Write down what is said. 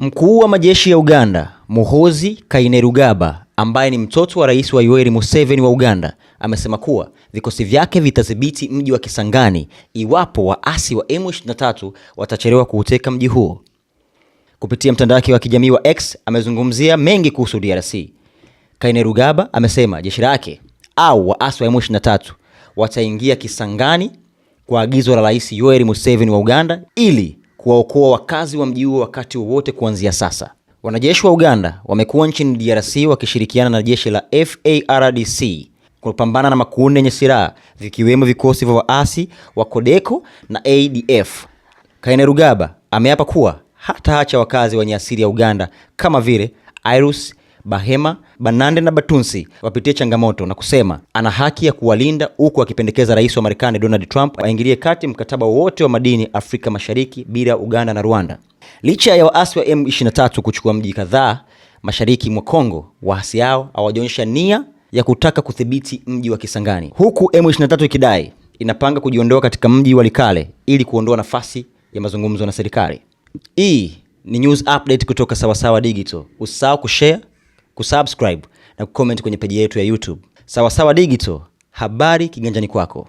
Mkuu wa majeshi ya Uganda Muhoozi Kainerugaba ambaye ni mtoto wa rais wa Yoweri Museveni wa Uganda amesema kuwa vikosi vyake vitadhibiti mji wa Kisangani iwapo waasi wa M23 watachelewa kuuteka mji huo. Kupitia mtandao wake wa kijamii wa X amezungumzia mengi kuhusu DRC. Kainerugaba amesema jeshi lake au waasi wa M23 wataingia Kisangani kwa agizo la Rais Yoweri Museveni wa Uganda ili kuwaokoa wakazi wa mji huo wakati wowote kuanzia sasa. Wanajeshi wa Uganda wamekuwa nchini DRC wakishirikiana na jeshi la FARDC kupambana na makundi yenye silaha vikiwemo vikosi vya waasi wa Kodeko na ADF. Kainerugaba ameapa kuwa hata hacha wakazi wenye asili ya Uganda kama vile Irus Bahema, Banande na Batunsi wapitie changamoto na kusema ana haki ya kuwalinda, huku akipendekeza rais wa Marekani Donald Trump aingilie kati mkataba wote wa madini Afrika Mashariki bila Uganda na Rwanda. Licha ya waasi wa M23 kuchukua mji kadhaa mashariki mwa Kongo, waasi hao hawajaonyesha nia ya kutaka kudhibiti mji wa Kisangani, huku M23 ikidai inapanga kujiondoa katika mji wa Likale ili kuondoa nafasi ya mazungumzo na serikali. Hii ni news update kutoka Sawasawa Digital. Usisahau kushare kusubscribe na kucomment kwenye peji yetu ya YouTube. Sawasawa Digital, habari kiganjani kwako.